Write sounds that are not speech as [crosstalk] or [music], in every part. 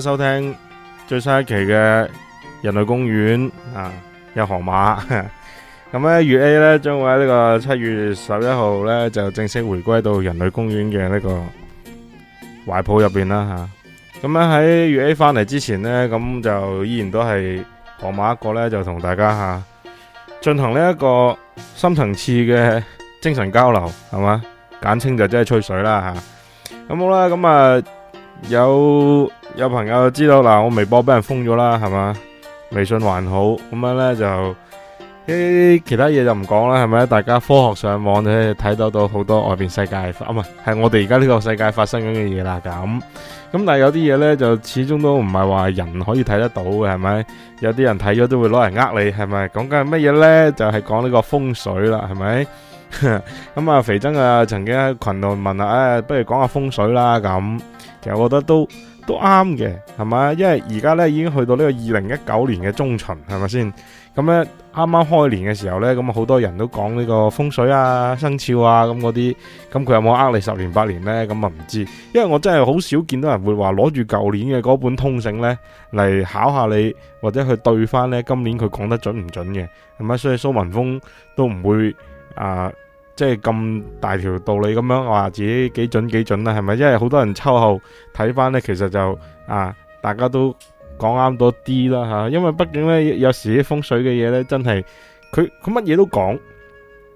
收聽最新一期嘅《人類公園》啊，有河馬咁咧。 [laughs] A 呢將月 A 咧，將會喺呢個七月十一號咧就正式回歸到《人類公園》嘅呢個懷抱入邊啦。吓，咁咧喺月 A 翻嚟之前呢，咁就依然都係河馬一個咧，就同大家吓進、啊、行呢一個深層次嘅精神交流，係嘛？簡稱就即係吹水啦。吓、啊、咁好啦，咁啊有。有朋友知道啦，我微博俾人封咗啦，係嘛？微信還好咁樣咧，就誒，其他嘢就唔講啦，係咪？大家科學上網咧，睇到到好多外邊世界發，唔係係我哋而家呢個世界發生緊嘅嘢啦。咁咁，但係有啲嘢咧，就始終都唔係話人可以睇得到嘅，係咪？有啲人睇咗都會攞嚟呃你，係咪？講緊係乜嘢咧？就係講呢個風水啦，係咪？咁啊，肥真啊，曾經喺群度問啊，不如講下風水啦，咁其實我覺得都。都啱嘅，係嘛？因為而家咧已經去到呢個二零一九年嘅中旬，係咪先？咁咧啱啱開年嘅時候咧，咁好多人都講呢個風水啊、生肖啊咁嗰啲，咁佢有冇呃你十年八年呢？咁啊唔知，因為我真係好少見到人會話攞住舊年嘅嗰本通勝呢嚟考下你，或者去對翻呢今年佢講得準唔準嘅，係咪？所以蘇文峰都唔會啊。呃即係咁大條道理咁樣話自己幾準幾準啦，係咪？因為好多人秋後睇翻呢，其實就啊，大家都講啱多啲啦吓。因為畢竟呢，有時啲風水嘅嘢呢，真係佢佢乜嘢都講。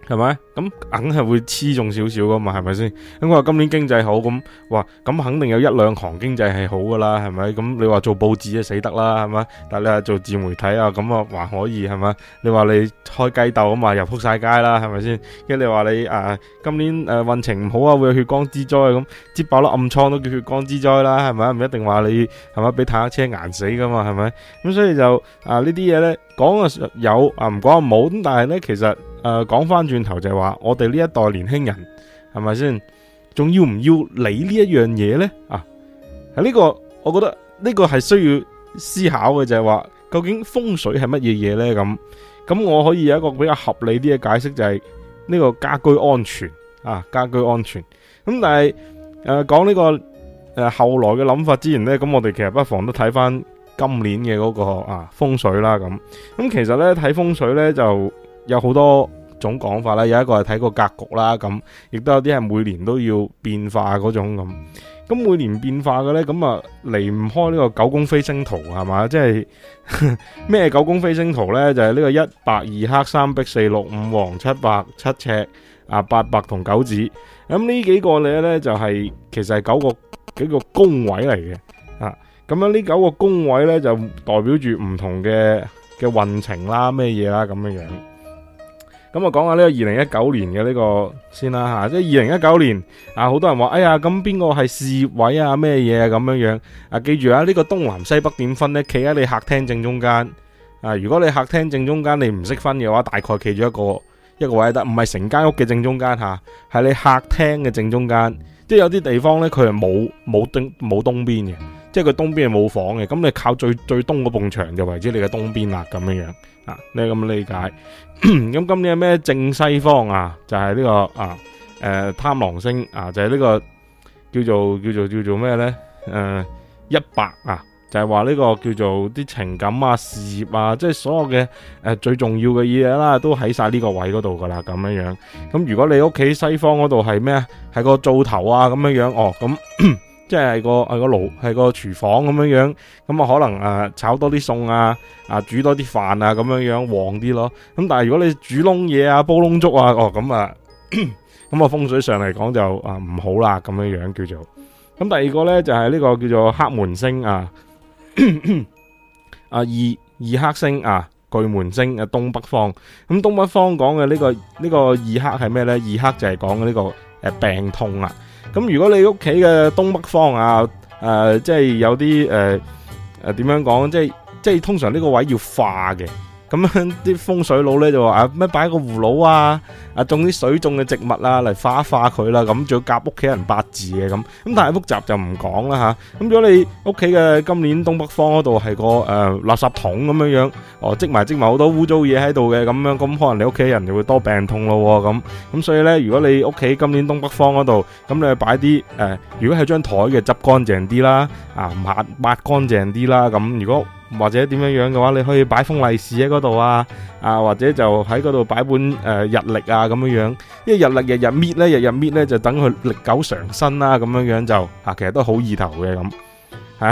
係咪咁，梗係會黐中少少噶嘛？係咪先咁？我話今年經濟好咁，哇咁肯定有一兩行經濟係好噶啦，係咪？咁你話做報紙就死得啦，係咪？但你話做自媒體啊，咁啊還可以係咪？你話你開雞竇啊嘛，又扑晒街啦，係咪先？跟住你話你啊、呃，今年誒運、呃、程唔好啊，會有血光之災咁，接爆粒暗瘡都叫血光之災啦，係咪？唔一定話你係咪俾坦克車硬死噶嘛？係咪咁？所以就啊、呃、呢啲嘢咧講啊有啊，唔講冇咁，但係咧其實。誒，講翻轉頭就係話，我哋呢一代年輕人係咪先，仲要唔要理呢一樣嘢呢？啊，呢、啊呢個，我覺得呢個係需要思考嘅，就係話究竟風水係乜嘢嘢呢？咁咁，我可以有一個比較合理啲嘅解釋，就係、係、呢個家居安全啊，家居安全。咁但係誒講呢個誒、呃、後來嘅諗法之前呢，咁我哋其實不妨都睇翻今年嘅嗰、嗰個啊風水啦，咁咁其實呢，睇風水呢就。有好多種講法啦，有一個係睇個格局啦，咁亦都有啲係每年都要變化嗰種咁。咁每年變化嘅咧，咁啊離唔開呢個九宮飛星圖係嘛，即係咩九宮飛星圖咧？就係、是、呢個一白二黑三碧四綠五黃七白七赤啊八白同九紫。咁呢幾個嘢咧就係、是、其實係九個幾個宮位嚟嘅啊。咁樣呢九個宮位咧就代表住唔同嘅嘅運程啦，咩嘢啦咁樣樣。咁啊，講下呢個二零一九年嘅呢個先啦吓，即係二零一九年啊，好多人話，哎呀，咁邊個係事業位啊，咩嘢啊，咁樣樣。啊，記住啊，呢個東南西北點分呢？企喺你客廳正中間。啊，如果你客廳正中間你唔識分嘅話，大概企住一個一個位得，唔係成間屋嘅正中間吓，喺你客廳嘅正中間。即係有啲地方呢，佢係冇冇東冇東邊嘅。即係佢東邊係冇房嘅，咁你靠最最東嗰埲牆就為止你嘅東邊啦，咁樣樣啊，你咁理解？咁 [coughs] 今年咩正西方啊，就係、係、呢、呢個啊誒、呃、貪狼星啊，就係、係呢個、呢、呃100，啊就係、個叫做叫做叫做咩咧？誒一百啊，就係話呢個叫做啲情感啊、事業啊，即係所有嘅誒、呃、最重要嘅嘢啦，都喺晒呢個位嗰度噶啦，咁樣樣。咁如果你屋企西方嗰度係咩啊？係個灶頭啊，咁樣樣哦咁。 [coughs] 即係個係個爐係個廚房咁樣樣，咁啊可能啊炒多啲餸啊，啊煮多啲飯啊咁樣樣旺啲咯。咁但係如果你煮窿嘢啊煲窿粥啊，哦咁啊咁啊 [coughs] 風水上嚟講就啊唔好啦咁樣樣叫做。咁、啊、第二個咧就係、是、呢個叫做黑門星啊， [coughs] 啊二二黑星啊巨門星啊東北方。咁、啊、東北方講嘅呢個呢、這個這個二黑係咩咧？二黑就係講嘅呢個誒、啊、病痛啊。咁如果你屋企嘅東北方、呃呃呃、啊，誒，即係有啲誒誒，點樣講，即係即係通常呢個位要化嘅，咁樣啲風水佬咧就話啊咩擺個葫蘆啊。啊，種啲水種嘅植物啦，嚟化一化佢啦，咁仲要夾屋企人八字嘅咁，咁但係複雜就唔講啦嚇。咁如果你屋企嘅今年東北方嗰度係個誒、呃、垃圾桶咁樣樣，哦積埋積埋好多污糟嘢喺度嘅咁樣，咁可能你屋企人就會多病痛咯咁。咁所以咧，如果你屋企今年東北方嗰度，咁你去擺啲誒、呃，如果係張台嘅執乾淨啲啦，啊抹抹乾淨啲啦，咁、啊、如果或者點樣樣嘅話，你可以擺封利是喺嗰度啊，啊或者就喺嗰度擺本誒日曆啊。啊咁樣樣，因為日曆日日搣咧，日日搣咧就等佢歷久常新啦，咁樣樣就啊，其實都好意頭嘅咁。吓，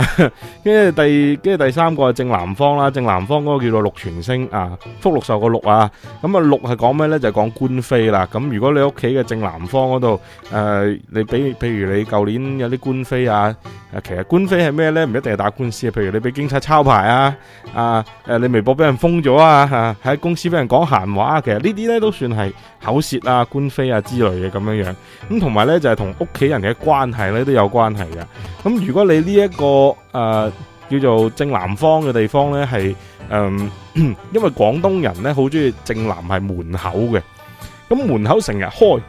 跟住第跟住第三個係正南方啦，正南方嗰個叫做六全星啊，福祿壽個祿啊，咁啊祿係講咩咧？就係講官非啦。咁如果你屋企嘅正南方嗰度，誒，你俾譬如你舊年有啲官非啊，啊，其實官非係咩咧？唔一定係打官司啊，譬如你俾警察抄牌啊，啊，誒，你微博俾人封咗啊，喺公司俾人講閒話啊，其實呢啲咧都算係。口舌啊、官非啊之類嘅咁樣樣，咁同埋呢就係同屋企人嘅關係呢都有關係嘅。咁如果你呢、這、一個誒、呃、叫做正南方嘅地方呢，係誒、呃，因為廣東人呢好鍾意正南係門口嘅，咁門口成日開。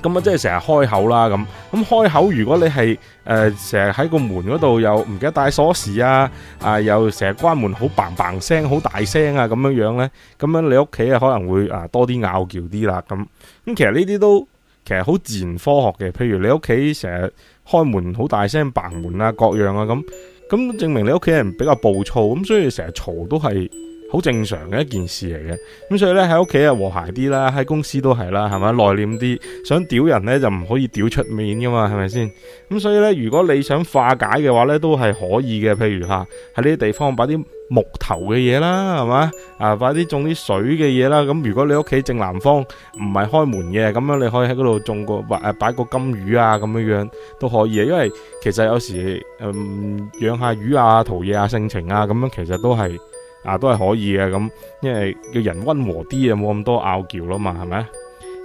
咁啊，即係成日開口啦咁。咁開口，如果你係誒成日喺個門嗰度又唔記得帶鎖匙啊，啊、呃、又成日關門好嘭嘭聲，好大聲啊咁樣樣咧，咁樣你屋企啊可能會啊多啲拗撬啲啦咁。咁、嗯、其實呢啲都其實好自然科學嘅，譬如你屋企成日開門好大聲嘭門啊各樣啊咁，咁證明你屋企人比較暴躁，咁所以成日嘈都係。好正常嘅一件事嚟嘅，咁所以咧喺屋企啊和諧啲啦，喺公司都係啦，係咪？內斂啲，想屌人咧就唔可以屌出面噶嘛，係咪先？咁所以咧如果你想化解嘅話咧，都係可以嘅，譬如吓喺呢啲地方擺啲木頭嘅嘢啦，係嘛啊擺啲種啲水嘅嘢啦，咁如果你屋企正南方唔係開門嘅，咁樣你可以喺嗰度種個或誒、呃、擺個金魚啊咁樣樣都可以，因為其實有時嗯養下魚啊、陶冶下性情啊，咁、啊、樣其實都係。啊，都係可以嘅，咁因為叫人溫和啲啊，冇咁多拗撬啦嘛，係咪？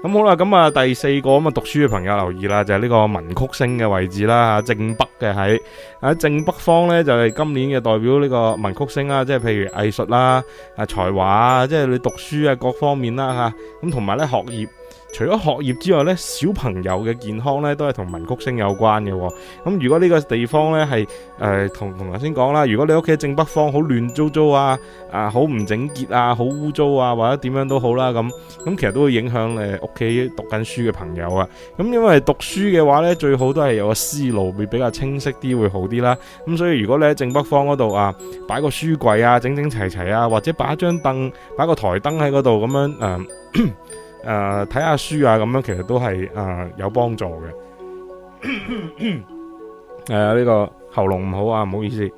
咁、嗯、好啦，咁、嗯、啊，第四個咁啊、嗯，讀書嘅朋友留意啦，就係、是、呢個文曲星嘅位置啦，吓，正北嘅喺喺正北方呢，就係、是、今年嘅代表呢個文曲星啦，即係譬如藝術啦、啊、才華啊，即係你讀書啊各方面啦吓，咁同埋呢學業。除咗學業之外咧，小朋友嘅健康咧都係同文曲星有關嘅哦。咁如果呢個地方咧係誒同同頭先講啦，如果你屋企正北方好亂糟糟啊，啊好唔整潔啊，好污糟啊，或者點樣都好啦，咁咁其實都會影響你屋企讀緊書嘅朋友啊。咁因為讀書嘅話咧，最好都係有個思路會比較清晰啲會好啲啦。咁所以如果你喺正北方嗰度啊，擺個書櫃啊，整整齊齊啊，或者擺張凳，擺個檯燈喺嗰度咁樣誒。呃 [coughs] 誒，睇下、呃、書啊，咁樣其實都係誒、呃、有幫助嘅。誒，呢、 [coughs] 呃這個喉嚨唔好啊，唔好意思。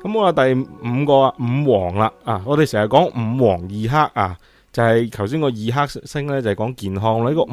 咁我第五個、啊、五黃啦、啊，啊，我哋成日講五黃二黑啊。就係頭先個二黑星咧，就講、是、健康呢、呢個五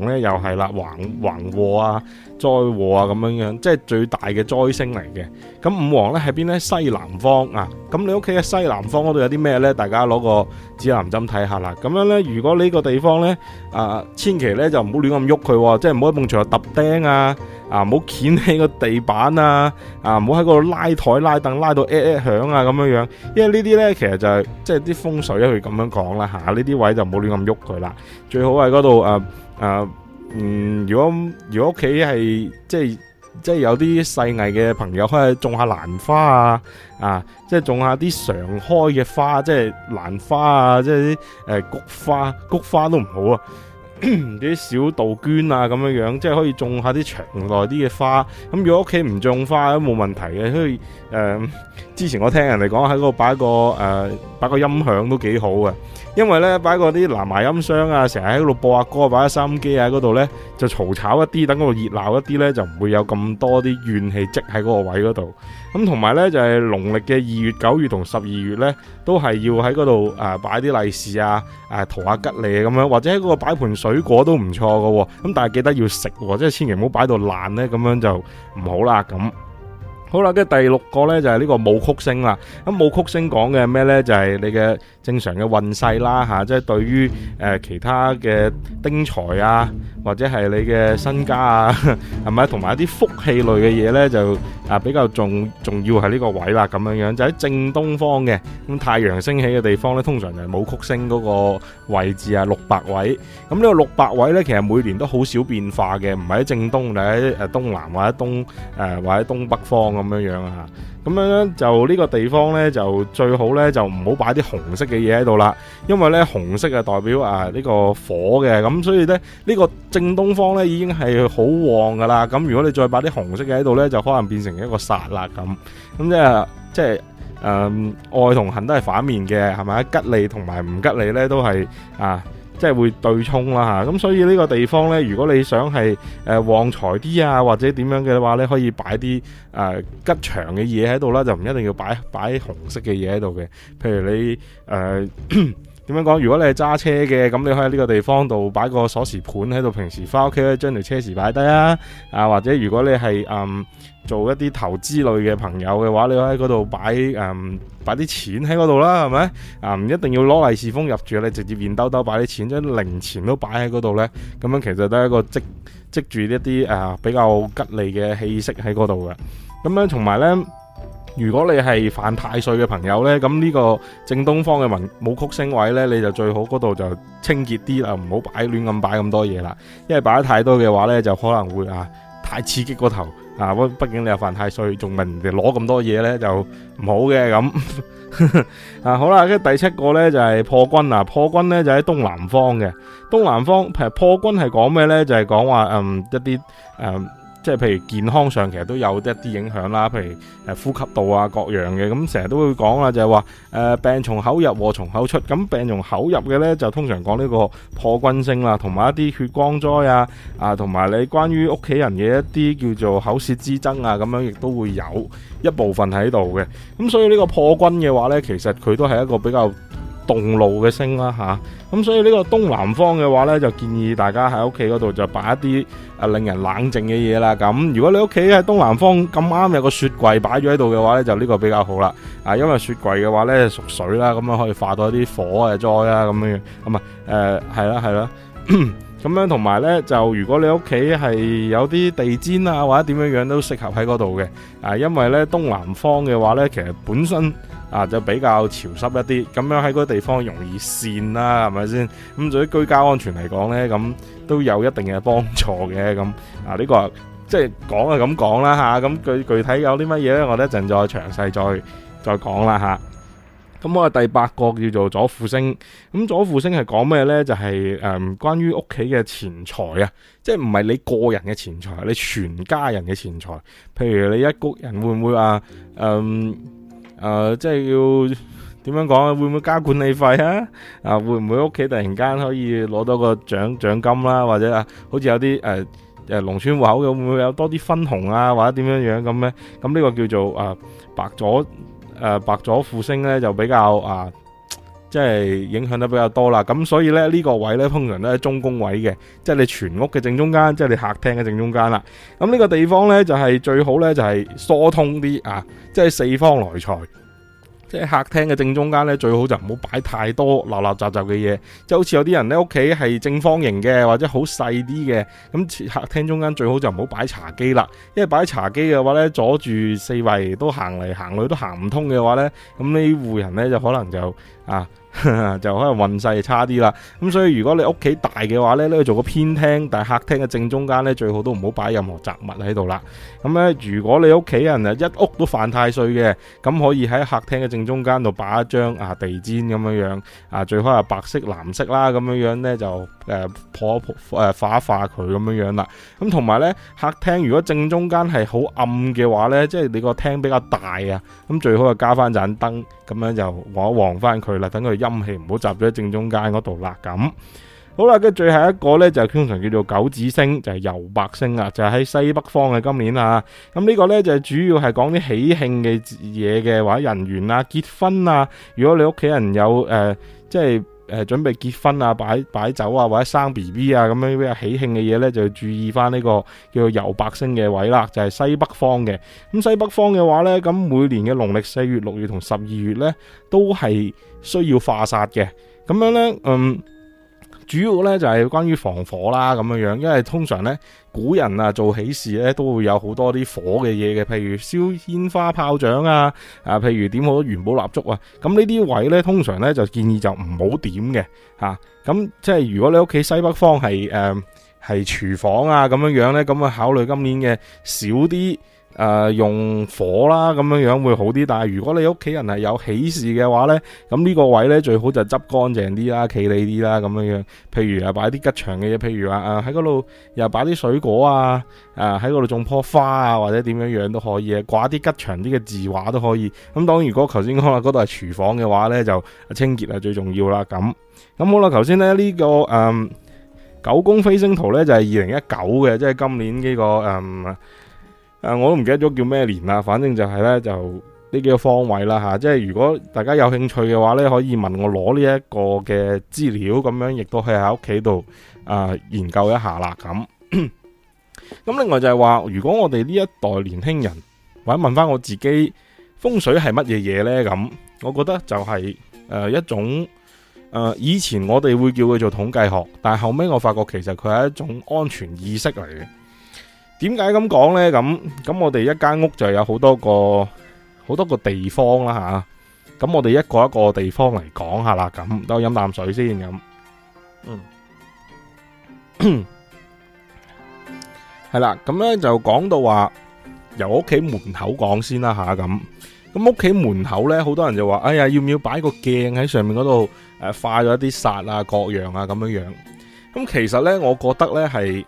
黃咧又係啦，橫橫禍啊，災禍啊咁樣樣，即係最大嘅災星嚟嘅。咁五黃咧喺邊咧？西南方啊，咁你屋企喺西南方嗰度有啲咩咧？大家攞個指南針睇下啦。咁樣咧，如果呢個地方咧，呃、啊，千祈咧就唔好亂咁喐佢，即係唔好喺埲牆度揼釘啊。啊，唔好掀起個地板啊！啊，唔好喺嗰度拉台拉凳拉到誒誒響啊！咁樣樣，因為呢啲咧，其實就係即係啲風水一佢咁樣講啦吓，呢啲位就唔好亂咁喐佢啦。最好係嗰度誒誒，嗯，如果如果屋企係即係即係有啲細藝嘅朋友，可以種下蘭花啊，啊，即係種下啲常開嘅花，即係蘭花啊，即係啲誒菊花，菊花都唔好啊。啲 [coughs] 小杜鵑啊，咁樣樣，即係可以種下啲牆內啲嘅花。咁如果屋企唔種花都冇問題嘅。所以，誒、呃，之前我聽人哋講喺嗰度擺個誒，擺、呃、個音響都幾好嘅。因為咧擺嗰啲藍牙音箱啊，成日喺度播下歌，擺下收音機喺嗰度咧，就嘈吵一啲，等嗰度熱鬧一啲咧，就唔會有咁多啲怨氣積喺嗰個位嗰度。咁同埋咧就係農曆嘅二月、九月同十二月咧，都係要喺嗰度誒擺啲利是啊，誒圖下吉利啊咁樣，或者喺嗰個擺盤水果都唔錯噶。咁但係記得要食、哦，即係千祈唔好擺到爛咧，咁樣就唔好啦。咁好啦，跟住第六個咧就係、是、呢個武曲星啦。咁武曲星講嘅咩咧就係、是、你嘅。正常嘅運勢啦，吓、啊，即係對於誒、呃、其他嘅丁財啊，或者係你嘅身家啊，係咪同埋一啲福氣類嘅嘢咧，就啊比較重重要係呢個位啦。咁樣樣就喺正東方嘅咁太陽升起嘅地方咧，通常就係武曲星個位置啊，六百位。咁呢個六百位咧，其實每年都好少變化嘅，唔係喺正東就喺誒東南或者東誒、呃、或者東北方咁樣樣啊。咁樣樣就呢個地方咧就最好咧就唔好擺啲紅色嘅嘅嘢喺度啦，因為咧紅色係代表啊呢個火嘅，咁所以咧呢個正東方咧已經係好旺噶啦，咁如果你再把啲紅色嘅喺度咧，就可能變成一個煞啦咁，咁即係即係誒愛同恨都係反面嘅，係咪吉利同埋唔吉利咧都係啊。即係會對沖啦嚇，咁所以呢個地方呢，如果你想係誒、呃、旺財啲啊，或者點樣嘅話咧，可以擺啲誒、呃、吉祥嘅嘢喺度啦，就唔一定要擺擺紅色嘅嘢喺度嘅，譬如你誒。呃點樣講？如果你係揸車嘅，咁你可以喺呢個地方度擺個鎖匙盤喺度，平時返屋企咧將條車匙擺低啊！啊，或者如果你係嗯做一啲投資類嘅朋友嘅話，你可以喺嗰度擺嗯擺啲錢喺嗰度啦，係咪？啊、嗯，唔一定要攞利是封入住你直接變兜兜擺啲錢，將零錢都擺喺嗰度咧。咁樣其實都係一個積積住一啲啊比較吉利嘅氣息喺嗰度嘅。咁樣，同埋咧。如果你係犯太歲嘅朋友咧，咁呢個正東方嘅文武曲星位咧，你就最好嗰度就清潔啲啦，唔好擺亂咁擺咁多嘢啦，因為擺得太多嘅話咧，就可能會啊太刺激個頭啊，畢竟你又犯太歲，仲問攞咁多嘢咧就唔好嘅咁。 [laughs] 啊好啦，跟住第七個咧就係、是、破軍啊，破軍咧就喺、是、東南方嘅東南方。其實破軍係講咩咧？就係講話嗯一啲誒。嗯即係譬如健康上，其實都有一啲影響啦。譬如誒呼吸道啊各樣嘅，咁成日都會講啦，就係話誒病從口入禍從口出。咁病從口入嘅呢，就通常講呢個破軍星啦，同埋一啲血光災啊啊，同埋你關於屋企人嘅一啲叫做口舌之爭啊，咁樣亦都會有一部分喺度嘅。咁所以呢個破軍嘅話呢，其實佢都係一個比較動怒嘅星啦吓，咁、啊、所以呢個東南方嘅話呢，就建議大家喺屋企嗰度就擺一啲令人冷靜嘅嘢啦，咁如果你屋企喺東南方咁啱有個雪櫃擺咗喺度嘅話呢，就呢個比較好啦。啊，因為雪櫃嘅話呢，屬水啦，咁樣可以化到一啲火啊、啊、災啊咁樣。咁啊誒，係啦係啦，咁、啊啊、 [coughs] 樣同埋呢，就如果你屋企係有啲地氈啊或者點樣樣都適合喺嗰度嘅。啊，因為呢東南方嘅話呢，其實本身。啊，就比較潮濕一啲，咁樣喺嗰個地方容易跣啦，係咪先？咁對於居家安全嚟講呢，咁都有一定嘅幫助嘅。咁啊，呢、這個即係講就咁講啦吓。咁、啊啊、具具體有啲乜嘢呢？我哋一陣再詳細再再講啦吓。咁、啊啊、我第八個叫做左輔星，咁、啊、左輔星係講咩呢？就係、是、誒、嗯，關於屋企嘅錢財啊，即係唔係你個人嘅錢財，你全家人嘅錢財。譬如你一屋人會唔會話，嗯？誒，即係要點樣講啊？會唔會加管理費啊？啊，會唔會屋企突然間可以攞到個獎獎金啦？或者啊，好似有啲誒誒，農村戶口嘅會唔會有多啲分紅啊？或者點樣樣咁咧？咁呢個叫做啊白咗誒白咗富星咧，就比較啊。即係影響得比較多啦，咁所以咧呢、呢個位咧通常都喺中宮位嘅，即係你全屋嘅正中間，即係你客廳嘅正中間啦。咁呢個地方咧就係、是、最好咧就係、是、疏通啲啊，即係四方來財。即係客廳嘅正中間咧最好就唔好擺太多立立雜雜嘅嘢，即係好似有啲人咧屋企係正方形嘅或者好細啲嘅，咁客廳中間最好就唔好擺茶几啦，因為擺茶几嘅話咧阻住四圍都行嚟行去都行唔通嘅話咧，咁呢戶人咧就可能就啊～ [laughs] 就可能運勢差啲啦，咁所以如果你屋企大嘅話咧，你要做個偏廳，但係客廳嘅正中間咧，最好都唔好擺任何雜物喺度啦。咁咧，如果你屋企人啊一屋都犯太歲嘅，咁可以喺客廳嘅正中間度擺一張啊地氈咁樣樣啊最好係白色、藍色啦咁樣樣咧就誒、啊、破一破、啊、化一化佢咁樣樣啦。咁同埋咧，客廳如果正中間係好暗嘅話咧，即係你個廳比較大啊，咁最好就加翻盞燈咁樣就旺一旺翻佢啦，等佢金氣唔好集咗正中間嗰度啦，咁好啦，跟住最後一個呢，就通常叫做九紫星，就係、是、游白星啊，就喺、是、西北方嘅今年啊，咁、嗯、呢、這個呢，就是、主要係講啲喜慶嘅嘢嘅或者人員啊結婚啊，如果你屋企人有誒、呃、即係。誒，準備結婚啊，擺擺酒啊，或者生 B B 啊，咁樣比較喜慶嘅嘢咧，就要注意翻、這、呢個叫做游白星嘅位啦，就係、是、西北方嘅。咁西北方嘅話咧，咁每年嘅農曆四月、六月同十二月咧，都係需要化煞嘅。咁樣咧，嗯。主要咧就係、是、關於防火啦咁樣樣，因為通常咧古人啊做喜事咧都會有好多啲火嘅嘢嘅，譬如燒煙花炮仗啊，啊譬如點好多元寶蠟燭啊，咁呢啲位咧通常咧就建議就唔好點嘅吓，咁、啊、即係如果你屋企西北方係誒係廚房啊咁樣呢樣咧，咁啊考慮今年嘅少啲。誒、呃、用火啦，咁樣樣會好啲。但係如果你屋企人係有喜事嘅話咧，咁呢個位咧最好就執乾淨啲啦，企理啲啦，咁樣樣。譬如啊，擺啲吉祥嘅嘢，譬如話啊，喺嗰度又擺啲水果啊，啊喺嗰度種棵花啊，或者點樣樣都可以啊，掛啲吉祥啲嘅字畫都可以。咁當然，如果頭先講啦，嗰度係廚房嘅話咧，就清潔係最重要啦。咁咁好啦，頭先咧呢、呢個誒、嗯、九宮飛星圖咧就係二零一九嘅，即係今年呢、呢個誒。嗯誒、啊，我都唔記得咗叫咩年啦，反正就係咧，就呢幾個方位啦吓，啊，即係如果大家有興趣嘅話咧，可以問我攞呢一個嘅資料，咁樣亦都可以喺屋企度啊研究一下啦。咁咁、 [coughs] 嗯、另外就係話，如果我哋呢一代年輕人或者問翻我自己，風水係乜嘢嘢咧？咁我覺得就係、是、誒、呃、一種誒、呃，以前我哋會叫佢做統計學，但係後尾我發覺其實佢係一種安全意識嚟嘅。點解咁講呢？咁咁，我哋一間屋就係有好多個好多個地方啦，吓咁我哋一個一個地方嚟講下啦。咁都飲啖水先咁，嗯，係啦。咁呢就講到話由屋企門口講先啦，吓咁咁屋企門口呢，好多人就話：哎呀，要唔要擺個鏡喺上面嗰度？誒，化咗一啲煞啊，各樣啊，咁樣樣。咁其實呢，我覺得呢係。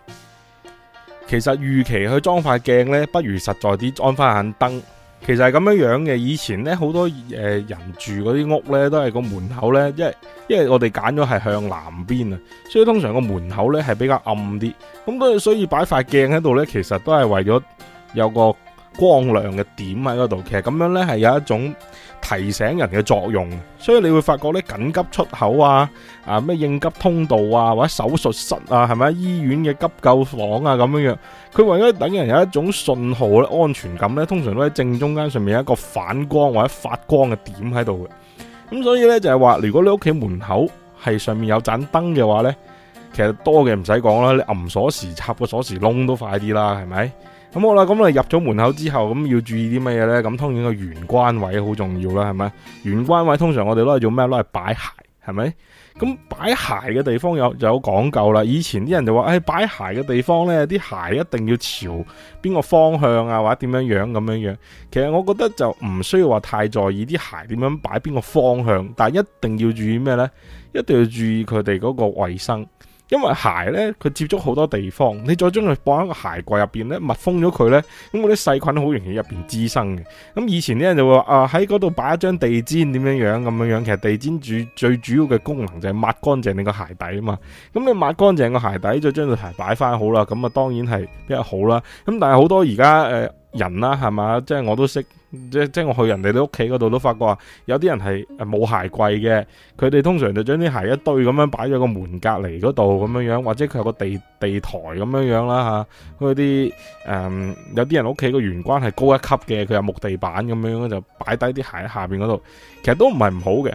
其實預期去裝塊鏡呢，不如實在啲裝翻盞燈。其實係咁樣樣嘅。以前呢，好多誒人住嗰啲屋呢，都係個門口呢，因為因為我哋揀咗係向南邊啊，所以通常個門口呢係比較暗啲。咁所以擺塊鏡喺度呢，其實都係為咗有個光亮嘅點喺嗰度。其實咁樣呢，係有一種。提醒人嘅作用，所以你會發覺咧，緊急出口啊，啊咩應急通道啊，或者手術室啊，係咪醫院嘅急救房啊咁樣樣？佢為咗等人有一種信號咧，安全感咧，通常都喺正中間上面有一個反光或者發光嘅點喺度嘅。咁所以咧就係、是、話，如果你屋企門口係上面有盞燈嘅話咧，其實多嘅唔使講啦，你撳鎖匙插個鎖匙窿都快啲啦，係咪？咁好啦，咁我哋入咗門口之後，咁要注意啲乜嘢呢？咁通常個玄關位好重要啦，係咪？玄關位通常我哋攞嚟做咩？攞嚟擺鞋，係咪？咁擺鞋嘅地方有有講究啦。以前啲人就話，誒、哎，擺鞋嘅地方呢，啲鞋一定要朝邊個方向啊，或者點樣樣咁樣樣。其實我覺得就唔需要話太在意啲鞋點樣擺邊個方向，但係一定要注意咩呢？一定要注意佢哋嗰個衛生。因為鞋咧，佢接觸好多地方，你再將佢放喺個鞋櫃入邊咧，密封咗佢咧，咁嗰啲細菌好容易入邊滋生嘅。咁以前啲人就話啊，喺嗰度擺一張地氈點樣樣咁樣樣，其實地氈主最主要嘅功能就係抹乾淨你個鞋底啊嘛。咁你抹乾淨個鞋底，再將對鞋擺翻好啦。咁啊，當然係比較好啦。咁但係好多而家誒人啦、啊，係嘛，即係我都識。即即我去人哋啲屋企嗰度都發覺有啲人係誒冇鞋櫃嘅，佢哋通常就將啲鞋一堆咁樣擺咗個門隔離嗰度咁樣樣，或者佢有個地地台咁樣樣啦嚇。啲、啊、誒、嗯、有啲人屋企個玄關係高一級嘅，佢有木地板咁樣咧就擺低啲鞋喺下邊嗰度，其實都唔係唔好嘅。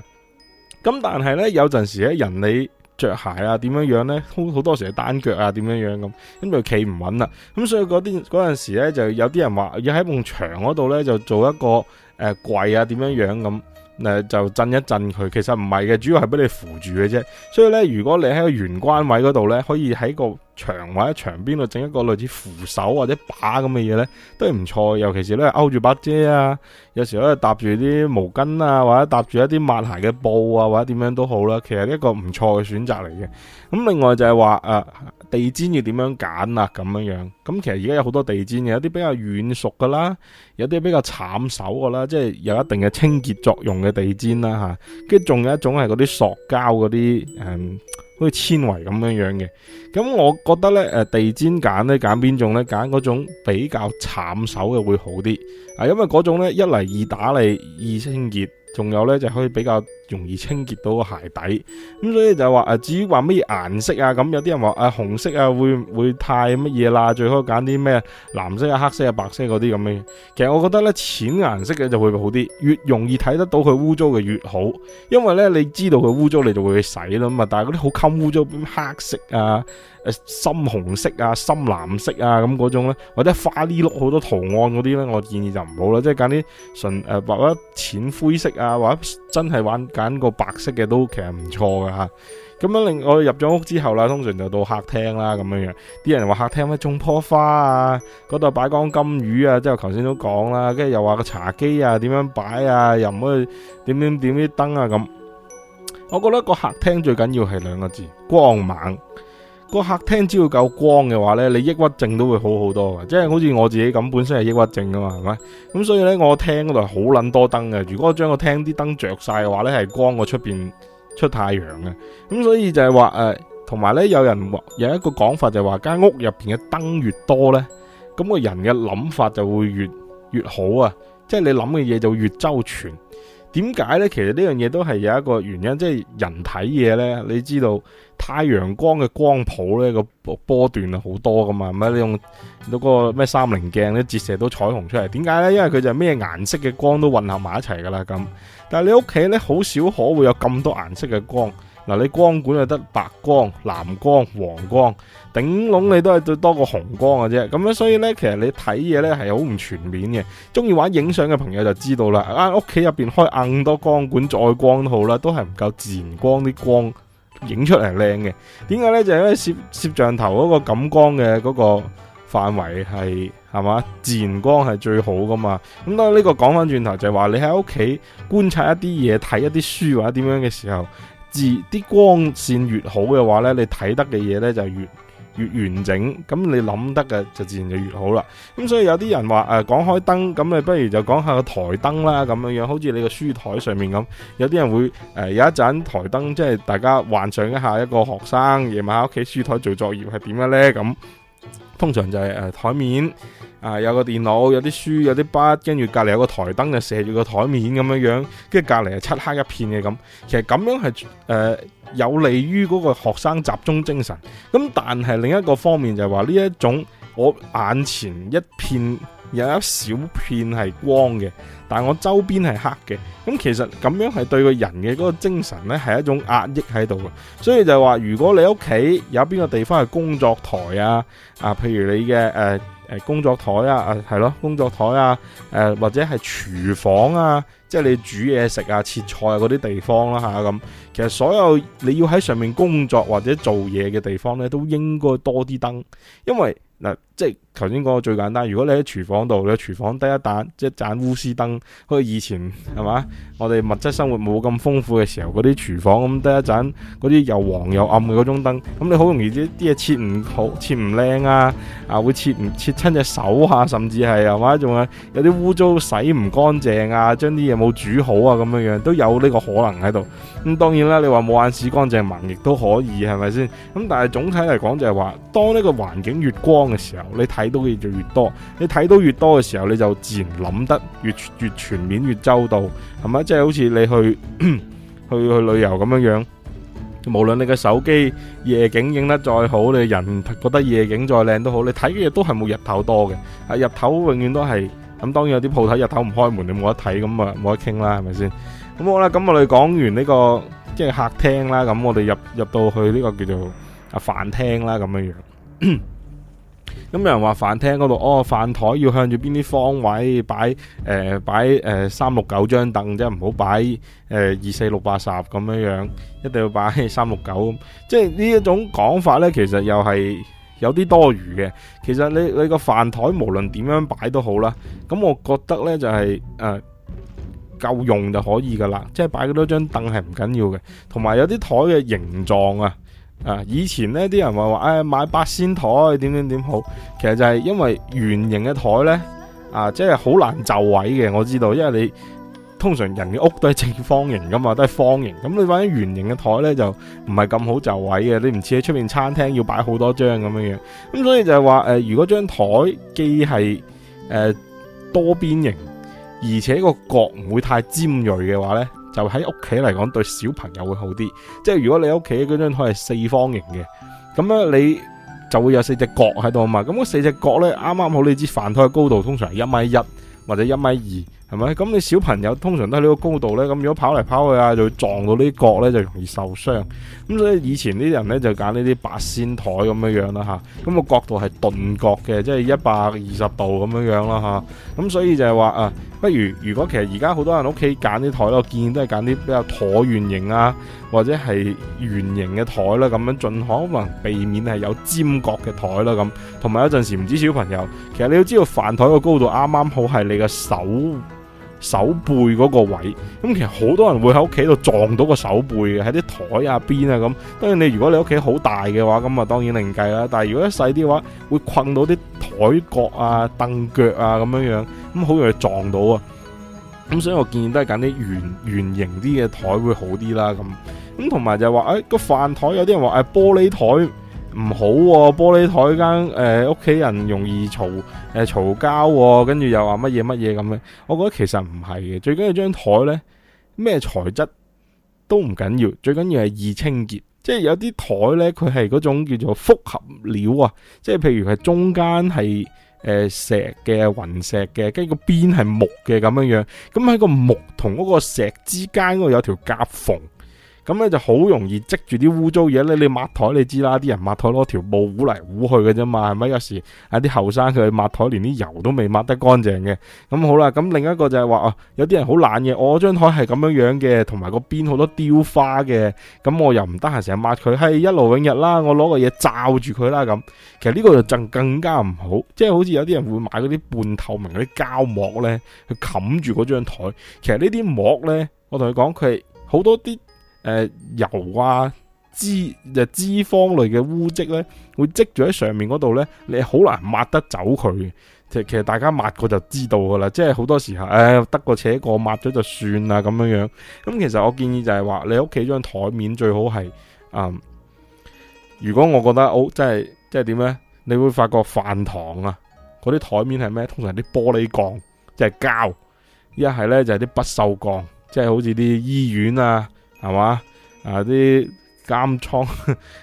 咁但係咧有陣時咧人哋，着鞋啊，點樣樣咧？好好多時單腳啊，點樣樣咁，咁就企唔穩啦。咁所以嗰啲嗰陣時咧，就有啲人話要喺埲牆嗰度咧，就做一個誒、呃、櫃啊，點樣樣咁。嗱就震一震佢，其實唔係嘅，主要係俾你扶住嘅啫。所以咧，如果你喺個玄關位嗰度咧，可以喺個牆或者牆邊度整一個類似扶手或者把咁嘅嘢咧，都係唔錯。尤其是咧，勾住把遮啊，有時候咧，搭住啲毛巾啊，或者搭住一啲抹鞋嘅布啊，或者點樣都好啦。其實一個唔錯嘅選擇嚟嘅。咁另外就係話啊。呃地氈要點樣揀啊？咁樣樣，咁其實而家有好多地氈嘅，有啲比較軟熟噶啦，有啲比較慘手噶啦，即係有一定嘅清潔作用嘅地氈啦吓，跟住仲有一種係嗰啲塑膠嗰啲誒好似纖維咁樣樣嘅。咁我覺得咧誒地氈揀咧揀邊種咧？揀嗰種比較慘手嘅會好啲啊，因為嗰種咧一嚟易打理、易清潔，仲有咧就可以比較容易清潔到個鞋底，咁所以就話誒，至於話咩顏色啊，咁有啲人話誒紅色啊會會太乜嘢啦，最好揀啲咩藍色啊、黑色啊、白色嗰啲咁嘅。其實我覺得咧，淺顏色嘅就會好啲，越容易睇得到佢污糟嘅越好，因為咧你知道佢污糟，你就會去洗啦嘛。但係嗰啲好襟污糟，黑色啊、誒深紅色啊、深藍色啊咁嗰種咧，或者花呢碌好多圖案嗰啲咧，我建議就唔好啦，即係揀啲純誒或者淺灰色啊，或者真係玩。揀個白色嘅都其實唔錯噶吓，咁樣令我入咗屋之後啦，通常就到客廳啦咁樣樣，啲人話客廳可以種棵花啊，嗰度擺缸金魚啊，即係我頭先都講啦，跟住又話個茶几啊點樣擺啊，又唔可以點點點啲燈啊咁，我覺得個客廳最緊要係兩個字，光猛。個客廳只要夠光嘅話呢，你抑鬱症都會好好多嘅，即係好似我自己咁，本身係抑鬱症噶嘛，係咪？咁所以呢，我廳度好捻多燈嘅。如果我將個廳啲燈着晒嘅話呢係光過出邊出太陽嘅。咁所以就係話誒，同埋呢，有人話有一個講法就係話間屋入邊嘅燈越多呢，咁個人嘅諗法就會越越好啊，即係你諗嘅嘢就越周全。點解咧？其實呢樣嘢都係有一個原因，即係人體嘢咧。你知道太陽光嘅光譜咧個波波段啊好多噶嘛。係你用嗰個咩三稜鏡咧折射到彩虹出嚟？點解咧？因為佢就咩顏色嘅光都混合埋一齊噶啦咁。但係你屋企咧好少可會有咁多顏色嘅光。嗱，你光管就得白光、藍光、黃光，頂籠你都係對多過紅光嘅啫。咁咧，所以咧，其實你睇嘢咧係好唔全面嘅。中意玩影相嘅朋友就知道啦。啊，屋企入邊開暗多光管再光都好啦，都係唔夠自然光啲光影出嚟靚嘅。點解咧？就係因為攝攝像頭嗰個感光嘅嗰個範圍係係嘛，自然光係最好噶嘛。咁所以呢個講翻轉頭就係話，你喺屋企觀察一啲嘢，睇一啲書或者點樣嘅時候。啲光線越好嘅話呢，你睇得嘅嘢呢就越越完整，咁你諗得嘅就自然就越好啦。咁所以有啲人話誒、呃、講開燈，咁你不如就講下個台燈啦，咁樣樣，好似你個書台上面咁，有啲人會誒、呃、有一盞台燈，即係大家幻想一下一個學生夜晚喺屋企書台做作業係點樣呢？咁。通常就係、是、誒、呃、台面啊、呃、有個電腦，有啲書，有啲筆，跟住隔籬有個台燈就射住個台面咁樣樣，跟住隔籬係漆黑一片嘅咁。其實咁樣係誒、呃、有利於嗰個學生集中精神。咁但係另一個方面就係話呢一種，我眼前一片有一小片係光嘅。但我周邊係黑嘅，咁其實咁樣係對個人嘅嗰個精神呢，係一種壓抑喺度嘅，所以就係話如果你屋企有邊個地方係工作台啊，啊，譬如你嘅誒誒工作台啊，係咯工作台啊，誒或者係廚房啊，即係你煮嘢食啊、切菜啊嗰啲地方啦吓咁，其實所有你要喺上面工作或者做嘢嘅地方呢，都應該多啲燈，因為嗱。呃即係頭先講個最簡單，如果你喺廚房度，你喺廚房得一盞一盞烏絲燈，好似以前係嘛？我哋物質生活冇咁豐富嘅時候，嗰啲廚房咁得一盞嗰啲又黃又暗嘅嗰種燈，咁你好容易啲啲嘢切唔好，切唔靚啊！啊，會切唔切親隻手啊，甚至係係嘛仲種有啲污糟洗唔乾淨啊，將啲嘢冇煮好啊，咁樣樣都有呢個可能喺度。咁、嗯、當然啦，你話冇眼屎乾淨盲亦都可以係咪先？咁但係總體嚟講就係、是、話，當呢個環境越光嘅時候。你睇到嘅就越多，你睇到越多嘅時候，你就自然諗得越越全面越周到，係咪？即係好似你去去去旅遊咁樣樣，無論你嘅手機夜景影得再好，你人覺得夜景再靚都好，你睇嘅嘢都係冇日頭多嘅。啊，日頭永遠都係咁，當然有啲鋪頭日頭唔開門，你冇得睇，咁啊冇得傾啦，係咪先？咁好啦，咁我哋講完呢個即係客廳啦，咁我哋入入到去呢個叫做啊飯廳啦，咁樣樣。咁有人話飯廳嗰度，哦飯台要向住邊啲方位擺？誒、呃，擺誒、呃、三六九張凳啫，即係唔好擺誒二四六八十咁樣樣，一定要擺三六九。即係呢一種講法咧，其實又係有啲多餘嘅。其實你你個飯台無論點樣擺都好啦。咁我覺得咧就係誒夠用就可以噶啦，即係擺幾多張凳係唔緊要嘅。同埋有啲台嘅形狀啊。啊！以前咧，啲人話話，誒，買八仙台點點點好，其實就係因為圓形嘅台咧，啊，即係好難就位嘅。我知道，因為你通常人嘅屋都係正方形噶嘛，都係方形，咁你反正圓形嘅台咧就唔係咁好就位嘅。你唔似喺出面餐廳要擺好多張咁樣樣，咁所以就係話，誒、呃，如果張台既係誒多邊形，而且個角唔會太尖銳嘅話咧，就喺屋企嚟講，對小朋友會好啲。即係如果你屋企嗰張台係四方形嘅，咁樣你就會有四隻角喺度嘛。咁嗰四隻角呢，啱啱好你支飯台嘅高度通常係一米一或者一米二，係咪？咁你小朋友通常都喺呢個高度呢，咁如果跑嚟跑去啊，就會撞到呢啲角呢，就容易受傷。咁所以以前啲人呢，就揀呢啲八仙台咁樣樣啦吓。咁個角度係鈍角嘅，即係一百二十度咁樣樣啦吓。咁所以就係話啊。不如，如果其實而家好多人屋企揀啲台，我建議都係揀啲比較橢圓形啊，或者係圓形嘅台啦，咁樣儘可能避免係有尖角嘅台啦，咁同埋有陣時唔知小朋友，其實你要知道飯台嘅高度啱啱好係你嘅手。手背嗰個位，咁其實好多人會喺屋企度撞到個手背嘅，喺啲台啊邊啊咁。當然你如果你屋企好大嘅話，咁啊當然另計啦。但係如果一細啲嘅話，會困到啲台角啊、凳腳啊咁樣樣，咁好容易撞到啊。咁所以我建議都係揀啲圓圓形啲嘅台會好啲啦。咁咁同埋就係話，誒、哎個飯台有啲人話誒、哎、玻璃台。唔好、哦、玻璃台間誒，屋企人容易嘈誒，嘈交，跟住又話乜嘢乜嘢咁嘅。我覺得其實唔係嘅，最緊要張台呢，咩材質都唔緊要，最緊要係易清潔。即係有啲台呢，佢係嗰種叫做複合料啊，即係譬如係中間係誒石嘅雲石嘅，跟住個邊係木嘅咁樣樣。咁喺個木同嗰個石之間嗰度有條夾縫。咁咧就好容易積住啲污糟嘢咧。你抹台你知啦，啲人抹台攞條布糊嚟糊去嘅啫嘛，係咪？有時啊啲後生佢抹台連啲油都未抹得乾淨嘅。咁好啦，咁另一個就係話啊，有啲人好懶嘅，我張台係咁樣樣嘅，同埋個邊好多雕花嘅，咁我又唔得閒成日抹佢，係、欸、一勞永逸啦。我攞個嘢罩住佢啦咁。其實呢個就更加唔好，即、就、係、是、好似有啲人會買嗰啲半透明嗰啲膠膜呢，去冚住嗰張台。其實呢啲膜呢，我同你講佢好多啲。誒、呃、油啊，脂就脂肪類嘅污漬咧，會積住喺上面嗰度咧，你好難抹得走佢。其實其實大家抹過就知道噶啦，即係好多時候，誒、呃、得過且過抹咗就算啦咁樣樣。咁、嗯、其實我建議就係話，你屋企張台面最好係嗯，如果我覺得好、哦，即係即係點咧，你會發覺飯堂啊嗰啲台面係咩？通常啲玻璃鋼，即、就、係、是、膠；一係咧就係、是、啲不鏽鋼，即係好似啲醫院啊。係嘛，啊啲監倉，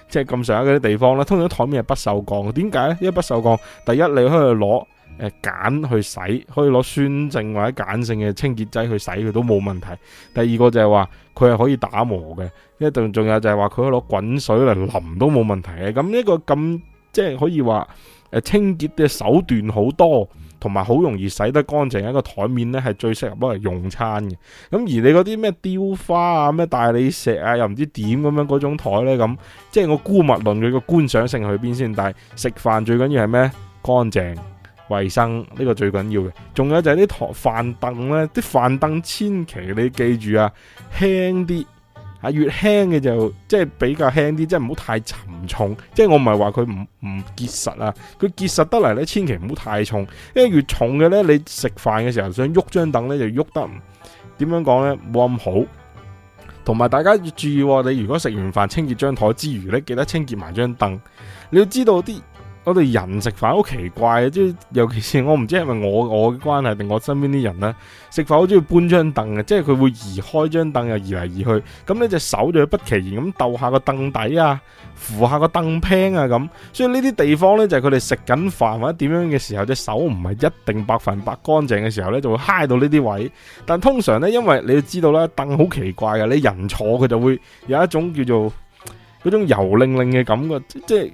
即係咁上下嗰啲地方咧，通常台面係不鏽鋼，點解咧？因為不鏽鋼第一你可以攞，誒、鹼去洗，可以攞酸性或者鹼性嘅清潔劑去洗佢都冇問題。第二個就係話佢係可以打磨嘅，因為仲仲有就係話佢可以攞滾水嚟，淋都冇問題嘅。咁呢個咁即係可以話，誒、呃、清潔嘅手段好多。同埋好容易洗得乾淨一個台面咧，係最適合幫佢用餐嘅。咁而你嗰啲咩雕花啊、咩大理石啊，又唔知點咁樣嗰種台咧，咁即係我姑勿論佢個觀賞性去邊先。但係食飯最緊要係咩？乾淨、衞生呢個最緊要嘅。仲有就係啲台飯凳咧，啲飯凳千祈你記住啊，輕啲。啊，越輕嘅就即係比較輕啲，即係唔好太沉重。即係我唔係話佢唔唔結實啊，佢結實得嚟咧，千祈唔好太重，因為越重嘅，呢，你食飯嘅時候想喐張凳呢，就喐得唔，點樣講呢？冇咁好。同埋大家要注意，你如果食完飯清潔張台之餘咧，記得清潔埋張凳。你要知道啲。我哋人食飯好奇怪，即係尤其是我唔知係咪我我嘅關係定我身邊啲人咧，食飯好中意搬張凳嘅，即係佢會移開張凳又移嚟移去，咁呢隻手就會不其然咁逗下個凳底啊，扶下個凳平啊咁，所以呢啲地方呢，就係佢哋食緊飯或者點樣嘅時候，隻手唔係一定百分百乾淨嘅時候呢，就會揩到呢啲位。但通常呢，因為你要知道啦，凳好奇怪嘅，你人坐佢就會有一種叫做。嗰種油淋淋嘅感覺，即係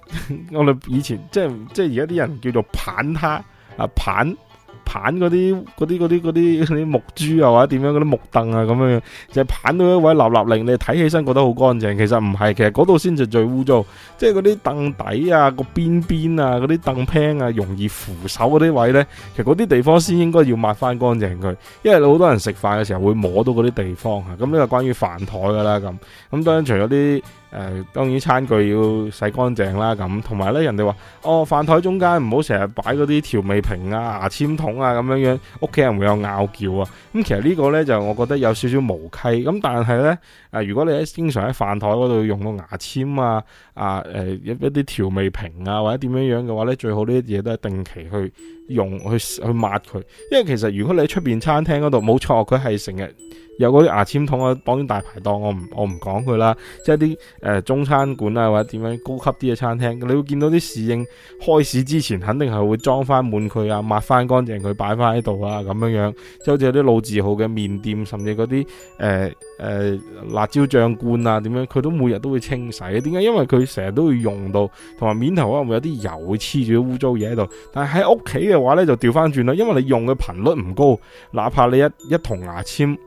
我哋以前，即係即係而家啲人叫做棒他啊，棒棒嗰啲嗰啲嗰啲嗰啲嗰啲木珠啊，或者點樣嗰啲木凳啊，咁樣樣就係、是、棒到一位立立令，你睇起身覺得好乾淨，其實唔係，其實嗰度先至最污糟，即係嗰啲凳底啊、個邊邊啊、嗰啲凳平啊，容易扶手嗰啲位呢。其實嗰啲地方先應該要抹翻乾淨佢，因為好多人食飯嘅時候會摸到嗰啲地方啊。咁呢個關於飯台噶啦，咁咁當然除咗啲。誒、呃、當然餐具要洗乾淨啦，咁同埋咧，人哋話，哦，飯台中間唔好成日擺嗰啲調味瓶啊、牙籤筒啊、咁樣樣，屋企人會有拗撬啊。咁、嗯、其實個呢個咧就我覺得有少少無稽。咁、嗯、但係咧誒如果你喺經常喺飯台嗰度用到牙籤啊、啊誒、呃、一啲調味瓶啊或者點樣樣嘅話咧，最好呢啲嘢都係定期去。用去去抹佢，因為其實如果你喺出邊餐廳嗰度冇錯，佢係成日有啲牙籤筒啊，擺喺大排檔，我唔我唔講佢啦。即係啲誒中餐館啊，或者點樣高級啲嘅餐廳，你會見到啲侍應開始之前肯定係會裝翻滿佢啊，抹翻乾淨佢，擺翻喺度啊，咁樣樣，即係好似有啲老字號嘅麵店，甚至嗰啲誒。呃誒、呃，辣椒醬罐啊，點樣？佢都每日都會清洗。點解？因為佢成日都會用到，同埋面頭可能會有啲油會黐住啲污糟嘢喺度。但係喺屋企嘅話咧，就調翻轉啦。因為你用嘅頻率唔高，哪怕你一一筒牙籤，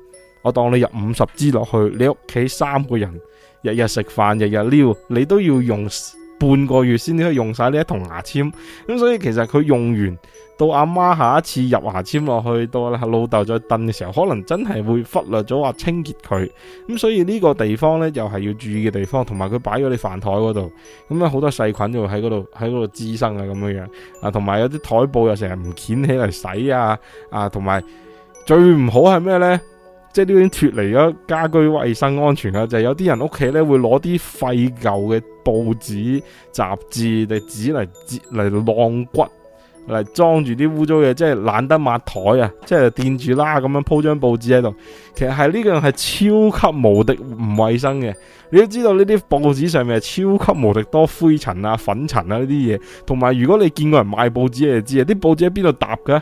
我當你入五十支落去，你屋企三個人日日食飯，日日撩，你都要用。半個月先至可以用晒呢一桶牙籤，咁所以其實佢用完到阿媽，媽下一次入牙籤落去，到咧老豆再燉嘅時候，可能真係會忽略咗話清潔佢咁，所以呢個地方呢，又係要注意嘅地方。同埋佢擺咗你飯台嗰度，咁咧好多細菌就喺度喺嗰度滋生啊，咁樣樣啊，同埋有啲台布又成日唔掀起嚟洗啊啊，同埋最唔好係咩呢？即係都已經脫離咗家居衛生安全啦，就係有啲人屋企咧會攞啲廢舊嘅報紙、雜誌嘅紙嚟折嚟晾骨，嚟裝住啲污糟嘢，即係懶得抹台啊，即係墊住啦咁樣鋪張報紙喺度。其實係呢個人係超級無敵唔衛生嘅，你都知道呢啲報紙上面係超級無敵多灰塵啊、粉塵啊呢啲嘢。同埋如果你見過人賣報紙，你就知啊，啲報紙喺邊度搭噶。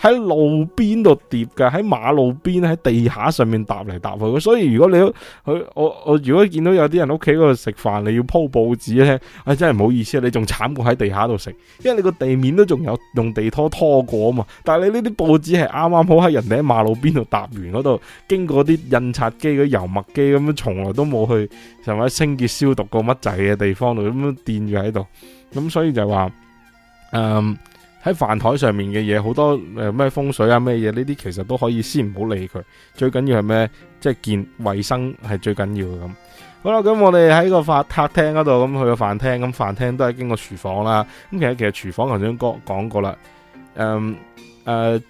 喺路邊度疊嘅，喺馬路邊喺地下上面搭嚟搭去。所以如果你去我我如果見到有啲人屋企嗰度食飯，你要鋪報紙咧，唉、哎，真係唔好意思啊！你仲慘過喺地下度食，因為你個地面都仲有用地拖拖過啊嘛。但係你呢啲報紙係啱啱好喺人哋喺馬路邊度搭完嗰度，經過啲印刷機、油墨機咁樣，從來都冇去，係咪清潔消毒過乜滯嘅地方度咁樣墊住喺度。咁所以就話，嗯。喺飯台上面嘅嘢，好多誒咩、呃、風水啊咩嘢呢啲，其實都可以先唔好理佢。最緊要係咩？即係見衛生係最緊要嘅。咁。好啦，咁我哋喺個飯客廳嗰度，咁去個飯廳，咁飯廳都係經過廚房啦。咁其實其實廚房頭先講講過啦。誒誒，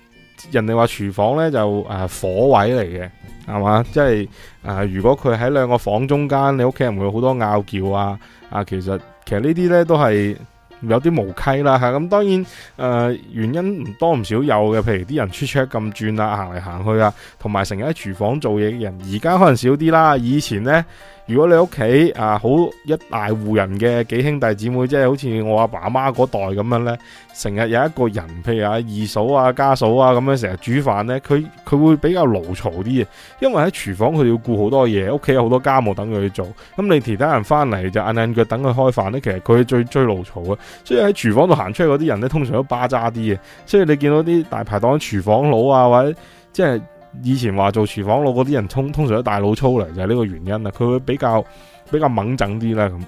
人哋話廚房咧就誒火位嚟嘅，係嘛？即係誒，如果佢喺兩個房間中間，你屋企人會好多拗撬啊。啊，其實其實呢啲咧都係。有啲無稽啦，係、嗯、咁當然，誒、呃、原因唔多唔少有嘅。譬如啲人出出咁轉啊，行嚟行去啊，同埋成日喺廚房做嘢嘅人，而家可能少啲啦，以前呢。如果你屋企啊好一大戶人嘅幾兄弟姊妹，即係好似我阿爸阿媽嗰代咁樣咧，成日有一個人，譬如阿二嫂啊家嫂啊咁樣，成日煮飯咧，佢佢會比較牢嘈啲嘅，因為喺廚房佢要顧好多嘢，屋企有好多家務等佢去做，咁你其他人翻嚟就硬硬腳等佢開飯咧，其實佢最最牢嘈啊，所以喺廚房度行出去嗰啲人咧，通常都巴渣啲嘅，所以你見到啲大排檔廚房佬啊或者即係，就是以前話做廚房佬嗰啲人通通常都大老粗嚟，就係、是、呢個原因啦。佢會比較比較猛整啲啦咁，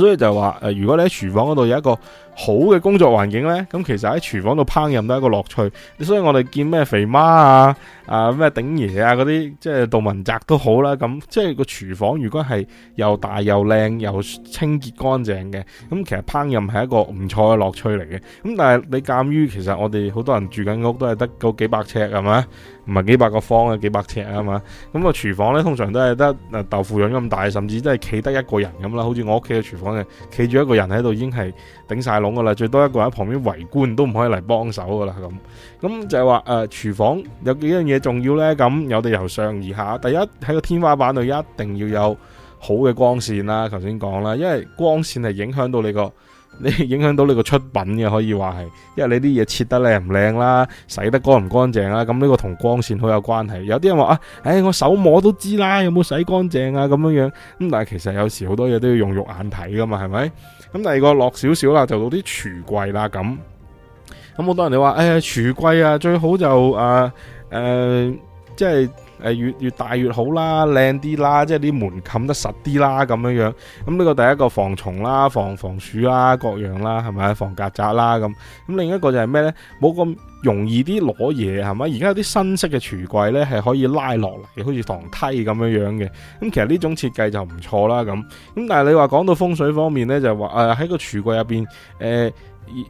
所以就話誒、呃，如果你喺廚房嗰度有一個。好嘅工作環境呢，咁其實喺廚房度烹飪都係一個樂趣。所以我哋見咩肥媽啊，啊咩鼎爺啊嗰啲，即係杜汶澤都好啦。咁即係個廚房如果係又大又靚又清潔乾淨嘅，咁其實烹飪係一個唔錯嘅樂趣嚟嘅。咁但係你鑑於其實我哋好多人住緊屋都係得嗰幾百尺係嘛？唔係幾百個方嘅幾百尺啊嘛。咁個廚房呢，通常都係得豆腐樣咁大，甚至都係企得一個人咁啦。好似我屋企嘅廚房嘅，企住一個人喺度已經係。頂晒籠噶啦，最多一個人喺旁邊圍觀都唔可以嚟幫手噶啦咁。咁就係話誒，廚房有幾樣嘢重要呢？咁我哋由上而下，第一喺個天花板度一定要有好嘅光線啦，啊。頭先講啦，因為光線係影響到你個。你影響到你個出品嘅可以話係，因為你啲嘢切得靚唔靚啦，洗得乾唔乾淨啦，咁呢個同光線好有關係。有啲人話啊，唉、哎，我手摸都知啦，有冇洗乾淨啊咁樣樣。咁但係其實有時好多嘢都要用肉眼睇㗎嘛，係咪？咁第二個落少少啦，就到啲櫥櫃啦咁。咁好多人哋話，唉、哎，櫥櫃啊，最好就啊，誒、呃，即、呃、係。就是誒越越大越好啦，靚啲啦，即係啲門冚得實啲啦，咁樣樣。咁呢個第一個防蟲啦，防防鼠啦，各樣啦，係咪？防曱甴啦，咁咁另一個就係咩呢？冇咁容易啲攞嘢係咪？而家有啲新式嘅櫥櫃呢，係可以拉落嚟，好似防梯咁樣樣嘅。咁其實呢種設計就唔錯啦，咁咁但係你話講到風水方面呢，就話誒喺個櫥櫃入邊誒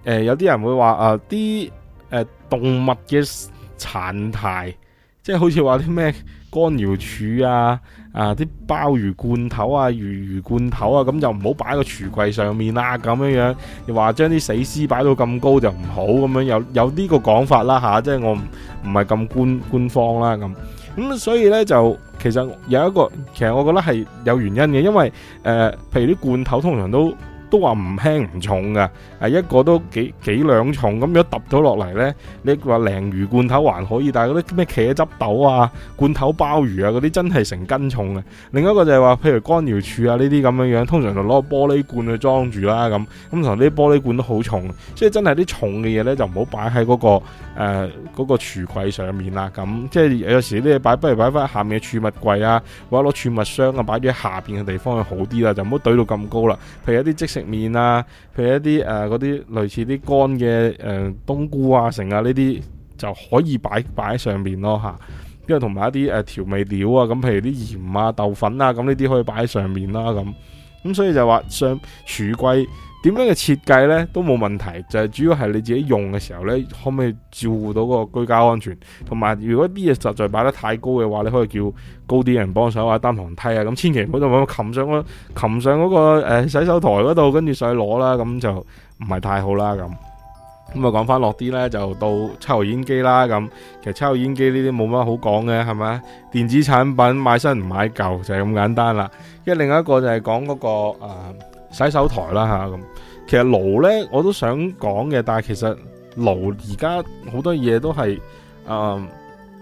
誒有啲人會話誒啲誒動物嘅殘骸。即係好似話啲咩乾瑤柱啊，啊啲鮑魚罐頭啊、魚魚罐頭啊，咁就唔好擺喺個櫥櫃上面啦、啊，咁樣樣又話將啲死屍擺到咁高就唔好咁樣，有有呢個講法啦吓、啊，即係我唔唔係咁官官方啦咁。咁所以咧就其實有一個，其實我覺得係有原因嘅，因為誒、呃，譬如啲罐頭通常都。都話唔輕唔重噶，係一個都幾幾兩重咁樣揼到落嚟呢，你話鯪魚罐頭還可以，但係嗰啲咩茄汁豆啊、罐頭鮑魚啊嗰啲真係成斤重嘅。另一個就係話，譬如乾瑤柱啊呢啲咁樣樣，通常就攞個玻璃罐，去裝住啦咁。咁同啲玻璃罐都好重，即係真係啲重嘅嘢呢，就唔好擺喺嗰個誒嗰個櫥櫃上面啦。咁即係有時你擺不如擺翻下面嘅儲物櫃啊，或者攞儲物箱啊，擺住喺下邊嘅地方就好啲啦，就唔好懟到咁高啦。譬如有啲即食。麵啊，譬如一啲誒啲類似啲乾嘅誒、呃、冬菇啊、成啊呢啲就可以擺擺喺上面咯吓，因為同埋一啲誒、呃、調味料啊，咁譬如啲鹽啊、豆粉啊，咁呢啲可以擺喺上面啦咁，咁所以就話上儲櫃。點樣嘅設計呢都冇問題，就係、是、主要係你自己用嘅時候呢，可唔可以照顧到個居家安全？同埋如果啲嘢實在擺得太高嘅話，你可以叫高啲人幫手，或者單行梯啊。咁千祈唔好就咁樣擒上、那個擒上嗰、那個誒洗手台嗰度，跟住上去攞啦。咁就唔係太好啦。咁咁啊，講翻落啲呢，就到抽油煙機啦。咁其實抽油煙機呢啲冇乜好講嘅，係咪？電子產品買新唔買舊就係、是、咁簡單啦。因為另一個就係講嗰個誒。呃洗手台啦吓，咁、啊，其實爐呢，我都想講嘅，但係其實爐而家好多嘢都係啊、呃，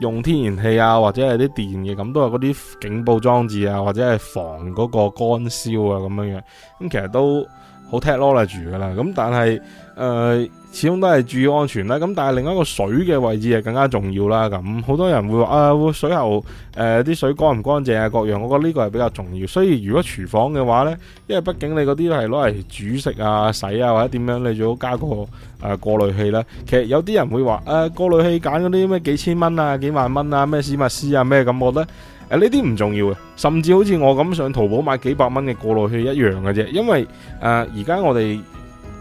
用天然氣啊，或者係啲電嘅，咁都係嗰啲警報裝置啊，或者係防嗰個乾燒啊咁樣樣，咁、嗯、其實都。好踢咯啦住噶啦，咁但係，誒、呃，始終都係注意安全啦。咁但係另一個水嘅位置係更加重要啦。咁好多人會話啊、呃，水喉誒啲、呃、水乾唔乾淨啊，各樣，我覺得呢個係比較重要。所以如果廚房嘅話呢，因為畢竟你嗰啲係攞嚟煮食啊、洗啊或者點樣，你最好加、嗰個誒、呃、過濾器啦。其實有啲人會話啊、呃，過濾器揀嗰啲咩幾千蚊啊、幾萬蚊啊、咩史密斯啊咩咁，啊、我覺得。誒，呢啲唔重要嘅，甚至好似我咁上淘寶買幾百蚊嘅過濾器一樣嘅啫，因為誒而家我哋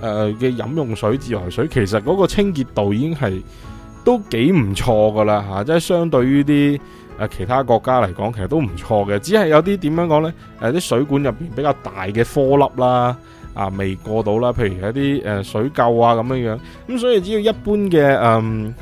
誒嘅飲用水、自來水，其實嗰個清潔度已經係都幾唔錯噶啦吓，即係相對於啲誒其他國家嚟講，其實都唔錯嘅，只係有啲點樣講呢？誒、呃，啲水管入邊比較大嘅顆粒啦，啊，未過到啦，譬如一啲誒、呃、水垢啊咁樣樣，咁、啊、所以只要一般嘅嗯。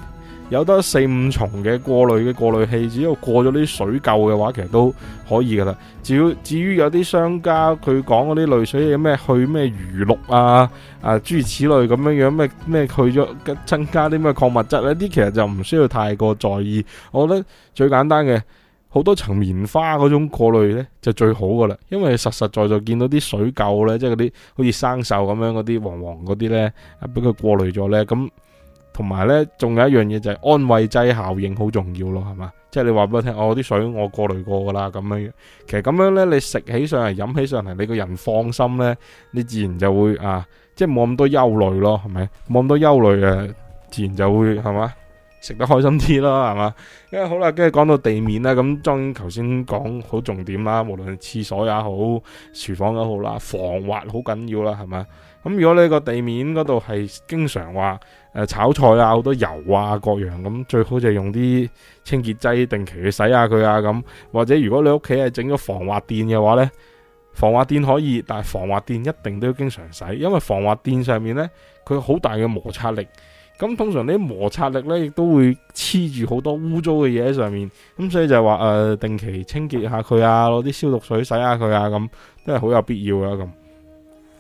有得四五重嘅過濾嘅過濾器，只要過咗啲水垢嘅話，其實都可以噶啦。只要至於有啲商家佢講嗰啲濾水有咩去咩餘氯啊啊諸如此類咁樣樣咩咩去咗增加啲咩礦物質呢？啲其實就唔需要太過在意。我覺得最簡單嘅好多層棉花嗰種過濾呢，就最好噶啦，因為實實在在見到啲水垢呢，即係嗰啲好似生鏽咁樣嗰啲黃黃嗰啲呢，啊俾佢過濾咗呢。咁。同埋咧，仲有一樣嘢就係安慰劑效應好重要咯，係嘛？即係你話俾我聽，哦，啲水我過濾過噶啦，咁樣。其實咁樣咧，你食起上嚟，飲起上嚟，你個人放心咧，你自然就會啊，即係冇咁多憂慮咯，係咪？冇咁多憂慮嘅，自然就會係嘛，食得開心啲咯，係嘛。因為好啦，跟住講到地面啦，咁裝頭先講好重點啦，無論係廁所也好，廚房都好啦，防滑好緊要啦，係嘛？咁如果你個地面嗰度係經常話，誒，炒菜啊，好多油啊，各樣咁，最好就用啲清潔劑定期去洗下佢啊咁。或者如果你屋企係整咗防滑墊嘅話呢，防滑墊可以，但係防滑墊一定都要經常洗，因為防滑墊上面呢，佢好大嘅摩擦力。咁通常啲摩擦力呢，亦都會黐住好多污糟嘅嘢喺上面。咁所以就係話誒，定期清潔下佢啊，攞啲消毒水洗下佢啊，咁都係好有必要噶咁、啊。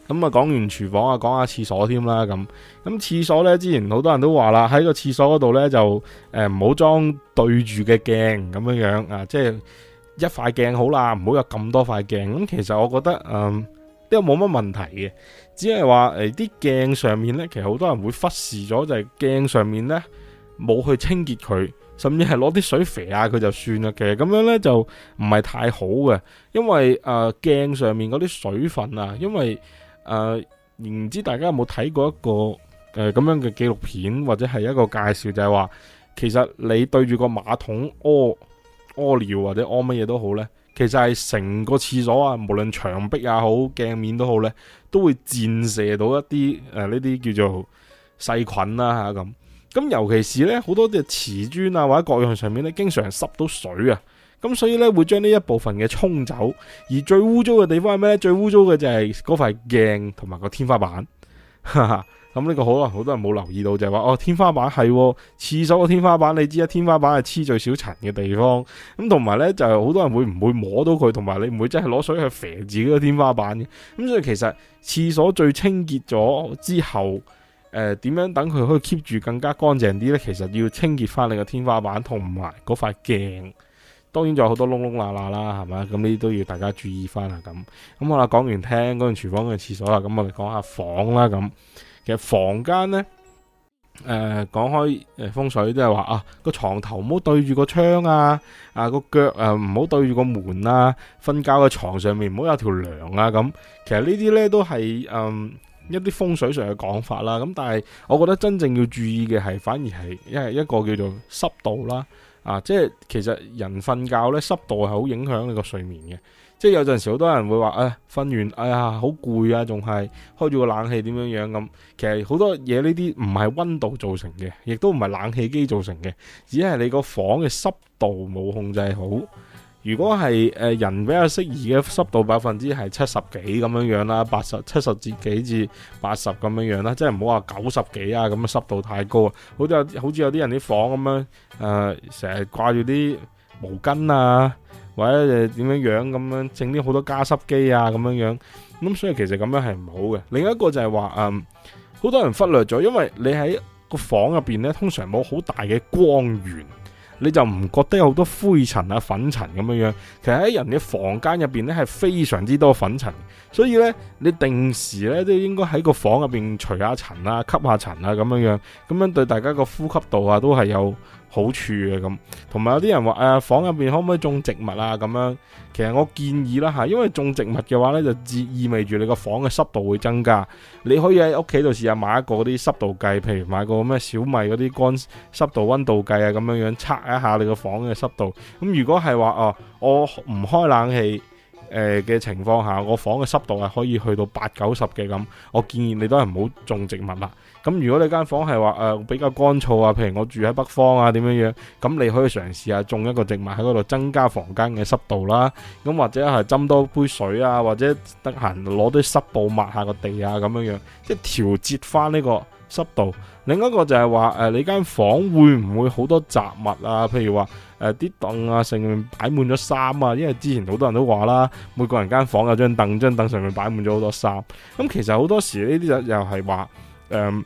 咁啊，講完廚房啊，講下廁所添啦，咁咁廁所呢，之前好多人都話啦，喺個廁所嗰度呢，就誒唔好裝對住嘅鏡咁樣樣啊，即係一塊鏡好啦，唔好有咁多塊鏡。咁、啊、其實我覺得誒呢個冇乜問題嘅，只係話誒啲鏡上面呢，其實好多人會忽視咗，就係鏡上面呢，冇去清潔佢，甚至係攞啲水肥下佢就算啦嘅。其實咁樣呢，就唔係太好嘅，因為誒鏡、呃、上面嗰啲水分啊，因為誒，唔、呃、知大家有冇睇過一個誒咁、呃、樣嘅紀錄片，或者係一個介紹，就係、是、話，其實你對住個馬桶屙屙尿或者屙乜嘢都好咧，其實係成個廁所啊，無論牆壁也好、鏡面都好咧，都會濺射到一啲誒呢啲叫做細菌啦吓咁。咁尤其是咧，好多啲瓷磚啊或者各樣上面咧，經常濕到水啊。咁所以咧，會將呢一部分嘅沖走，而最污糟嘅地方係咩咧？最污糟嘅就係嗰塊鏡同埋個天花板。咁 [laughs] 呢、嗯這個可能好多人冇留意到，就係、是、話哦，天花板係、哦、廁所個天花板，你知啦，天花板係黐最少塵嘅地方。咁同埋呢，就係、是、好多人會唔會摸到佢，同埋你唔會真係攞水去肥自己個天花板嘅。咁、嗯、所以其實廁所最清潔咗之後，誒、呃、點樣等佢可以 keep 住更加乾淨啲呢？其實要清潔翻你個天花板同埋嗰塊鏡。當然仲有好多窿窿罅罅啦，係嘛？咁呢啲都要大家注意翻啊。咁咁我話講完聽嗰個廚房、嗰個廁所啦，咁我哋講下房啦。咁其實房間呢，誒、呃、講開誒風水即係話啊，個床頭唔好對住個窗啊，啊個腳啊唔好對住個門啊，瞓覺嘅床上面唔好有條梁啊。咁其實呢啲呢，都係嗯一啲風水上嘅講法啦。咁但係我覺得真正要注意嘅係反而係因為一個叫做濕度啦。啊，即係其實人瞓覺咧，濕度係好影響你個睡眠嘅。即係有陣時好多人會話，誒、哎、瞓完，哎呀好攰啊，仲係開住個冷氣點樣樣咁。其實好多嘢呢啲唔係溫度造成嘅，亦都唔係冷氣機造成嘅，只係你個房嘅濕度冇控制好。如果係誒、呃、人比較適宜嘅濕度百分之係七十幾咁樣樣啦，八十七十至幾至八十咁樣樣啦，即係唔好話九十幾啊咁樣，濕度太高，好似有好似有啲人啲房咁樣誒，成日掛住啲毛巾啊，或者誒點樣樣咁樣，整啲好多加濕機啊咁樣樣，咁、嗯、所以其實咁樣係唔好嘅。另一個就係話誒，好、嗯、多人忽略咗，因為你喺個房入邊呢，通常冇好大嘅光源。你就唔覺得有好多灰塵啊、粉塵咁樣樣？其實喺人嘅房間入邊咧，係非常之多粉塵、啊。所以咧，你定時咧都應該喺個房入邊除下塵啊、吸下塵啊咁樣樣，咁樣對大家個呼吸道啊都係有好處啊，咁，同埋有啲人話誒、啊，房入邊可唔可以種植物啊？咁樣，其實我建議啦吓，因為種植物嘅話呢，就意意味住你個房嘅濕度會增加。你可以喺屋企度試下買一個啲濕度計，譬如買個咩小米嗰啲乾濕度溫度計啊，咁樣樣測一下你個房嘅濕度。咁如果係話哦，我唔開冷氣誒嘅情況下，我房嘅濕度係可以去到八九十嘅咁，我建議你都係唔好種植物啦。咁如果你間房係話誒比較乾燥啊，譬如我住喺北方啊，點樣樣，咁你可以嘗試下種一個植物喺嗰度增加房間嘅濕度啦。咁或者係斟多杯水啊，或者得閒攞啲濕布抹下個地啊，咁樣樣即係調節翻呢個濕度。另一個就係話誒你間房會唔會好多雜物啊？譬如話誒啲凳，啊上面擺滿咗衫啊，因為之前好多人都話啦，每個人間房有張凳，張凳上面擺滿咗好多衫。咁其實好多時呢啲就又係話誒。嗯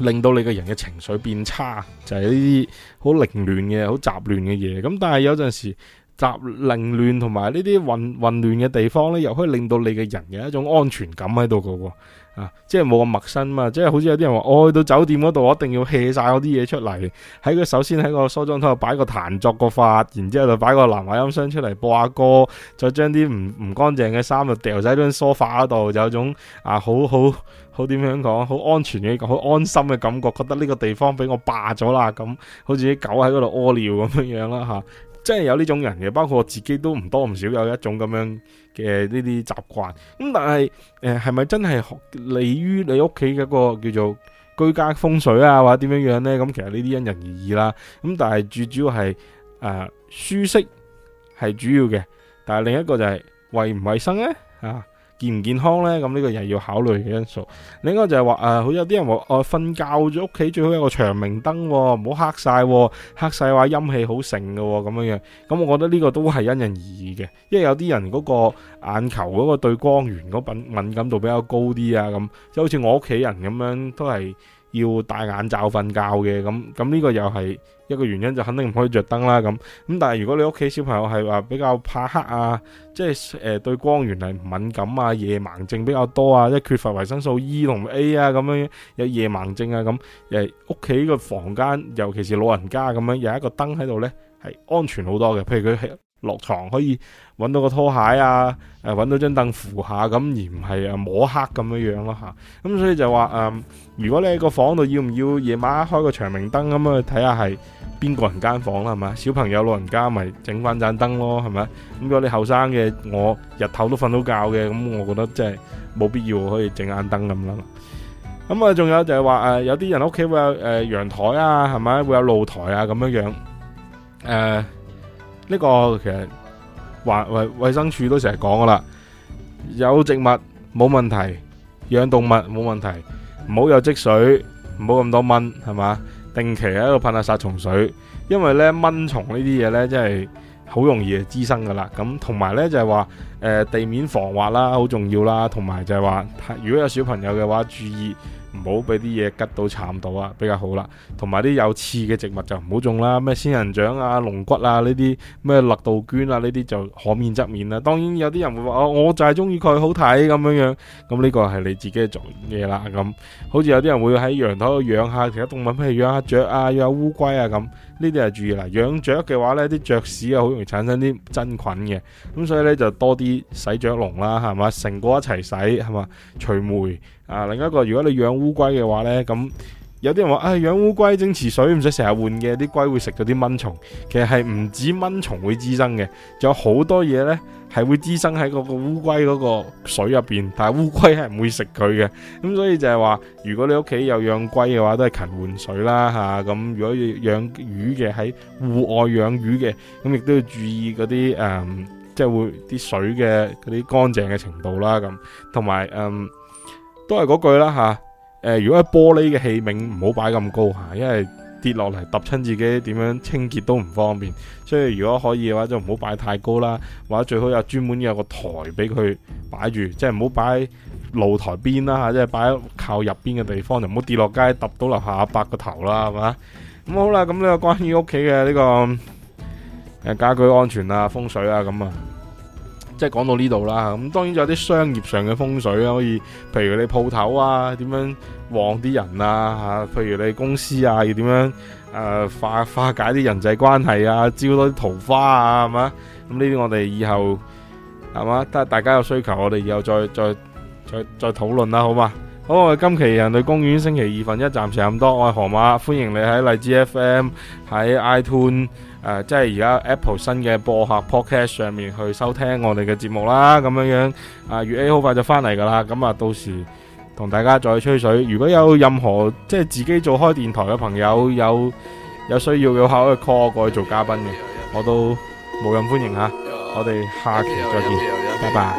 令到你個人嘅情緒變差，就係呢啲好凌亂嘅、好雜亂嘅嘢。咁但係有陣時，雜凌亂同埋呢啲混混亂嘅地方咧，又可以令到你個人有一種安全感喺度嘅。啊，即係冇咁陌生嘛，即係好似有啲人話，我去到酒店嗰度，我一定要卸晒我啲嘢出嚟，喺佢首先喺個梳妝台度擺個壇作個法，然之後就擺個藍牙音箱出嚟播下歌，再將啲唔唔乾淨嘅衫就掉喺張梳化嗰度，就有種啊好好好點樣講，好安全嘅，好安心嘅感覺，覺得呢個地方俾我霸咗啦，咁好似啲狗喺嗰度屙尿咁樣樣啦吓。啊真係有呢種人嘅，包括我自己都唔多唔少有一種咁樣嘅呢啲習慣。咁、嗯、但係誒係咪真係利於你屋企嘅嗰個叫做居家風水啊，或者點樣樣呢？咁、嗯、其實呢啲因人而異啦。咁、嗯、但係最主要係誒、呃、舒適係主要嘅，但係另一個就係衛唔衛生呢？啊！健唔健康呢？咁呢個又係要考慮嘅因素。另一個就係、是、話，誒、呃，佢有啲人話，我、呃、瞓、呃、覺咗屋企最好有個長明燈、哦，唔好黑晒、哦，黑晒話陰氣好盛噶、哦，咁樣樣。咁我覺得呢個都係因人而異嘅，因為有啲人嗰個眼球嗰個對光源嗰個敏感度比較高啲啊，咁即係好似我屋企人咁樣都係。要戴眼罩瞓覺嘅，咁，咁呢個又係一個原因，就肯定唔可以着燈啦，咁。咁但係如果你屋企小朋友係話比較怕黑啊，即係誒對光源係唔敏感啊，夜盲症比較多啊，即係缺乏維生素 E 同 A 啊咁樣，有夜盲症啊咁，誒屋企個房間尤其是老人家咁樣有一個燈喺度咧，係安全好多嘅。譬如佢係，落床可以揾到個拖鞋啊，誒、啊、揾到張凳扶下咁，而唔係誒摸黑咁樣樣咯吓，咁、啊、所以就話誒、呃，如果你喺個房度要唔要夜晚開個長明燈咁去睇下係邊個人間房啦，係咪？小朋友老人家咪整翻盞燈咯，係咪？咁如果你後生嘅，我日頭都瞓到覺嘅，咁我覺得真係冇必要可以整眼燈咁啦。咁啊，仲有就係話誒，有啲人屋企會有誒、呃、陽台啊，係咪？會有露台啊咁樣樣誒。呃呢個其實衛衛衛生署都成日講噶啦，有植物冇問題，養動物冇問題，唔好有積水，唔好咁多蚊，係嘛？定期喺度噴下殺蟲水，因為咧蚊蟲呢啲嘢咧真係好容易滋生噶啦。咁同埋咧就係話誒地面防滑啦，好重要啦，同埋就係話如果有小朋友嘅話注意。唔好俾啲嘢吉到慘到啊，比較好啦。同埋啲有刺嘅植物就唔好種啦，咩仙人掌啊、龍骨啊呢啲，咩勒杜鵑啊呢啲就可免則免啦。當然有啲人會話，我、oh, 我就係中意佢好睇咁樣樣，咁呢個係你自己嘅做嘢啦。咁好似有啲人會喺陽台度養下其他動物，譬如養下雀啊、養下烏龜啊咁。呢啲係注意啦，養雀嘅話呢啲雀屎啊，好容易產生啲真菌嘅，咁所以呢，就多啲洗雀籠啦，係嘛，成個一齊洗係嘛，除霉。啊。另一個，如果你養烏龜嘅話呢，咁有啲人話啊，養、哎、烏龜整池水唔使成日換嘅，啲龜會食咗啲蚊蟲，其實係唔止蚊蟲會滋生嘅，仲有好多嘢呢。係會滋生喺嗰個烏龜嗰個水入邊，但係烏龜係唔會食佢嘅。咁所以就係話，如果你屋企有養龜嘅話，都係勤換水啦吓。咁、啊、如果要養魚嘅喺戶外養魚嘅，咁亦都要注意嗰啲誒，即、嗯、係、就是、會啲水嘅嗰啲乾淨嘅程度啦。咁同埋誒，都係嗰句啦吓。誒、啊呃，如果係玻璃嘅器皿，唔好擺咁高吓，因為。跌落嚟揼親自己，點樣清潔都唔方便，所以如果可以嘅話，就唔好擺太高啦，或者最好有專門有個台俾佢擺住，即係唔好擺露台邊啦，即係擺靠入邊嘅地方，就唔好跌落街揼到樓下伯個頭啦，係嘛？咁好啦，咁呢個關於屋企嘅呢個誒家居安全啊、風水啊咁啊～即係講到呢度啦，咁當然仲有啲商業上嘅風水啦，可以，譬如你鋪頭啊，點樣旺啲人啊，吓，譬如你公司啊，要點樣誒、呃、化化解啲人際關係啊，招多啲桃花啊，係嘛，咁呢啲我哋以後係嘛，得大家有需求，我哋以後再再再再討論啦，好嘛？好，我哋今期人類公園星期二分一暫時咁多，我係河馬，歡迎你喺荔枝 FM 喺 iTune。誒，即係而家 Apple 新嘅播客 Podcast 上面去收聽我哋嘅節目啦，咁樣樣。啊，粵 A 好快就翻嚟噶啦，咁啊，到時同大家再吹水。如果有任何即係自己做開電台嘅朋友，有有需要嘅話可以 call 我過去做嘉賓嘅，我都無任歡迎啊！我哋下期再見，拜拜。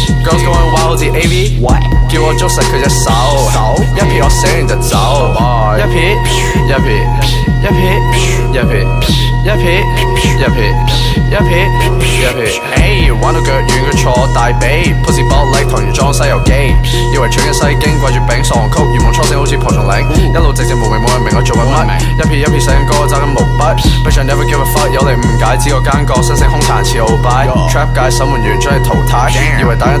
Girls going wild in A V，叫我捉實佢隻手，一撇我寫完就走，一撇一撇一撇一撇一撇一撇一撇一撇，哎玩到腳軟嘅坐大髀，Pussy boy like 唐玄奘西遊記，以為取緊《西經》掛住柄喪曲，如夢初醒好似蒲松齡，一路直直無名冇人明我做緊乜，一撇一撇寫緊歌揸緊毛筆，But I never give a fuck 有你誤解知我奸角，身勝凶殘似鰲拜，Trap 界審問員將你淘汰，以為打緊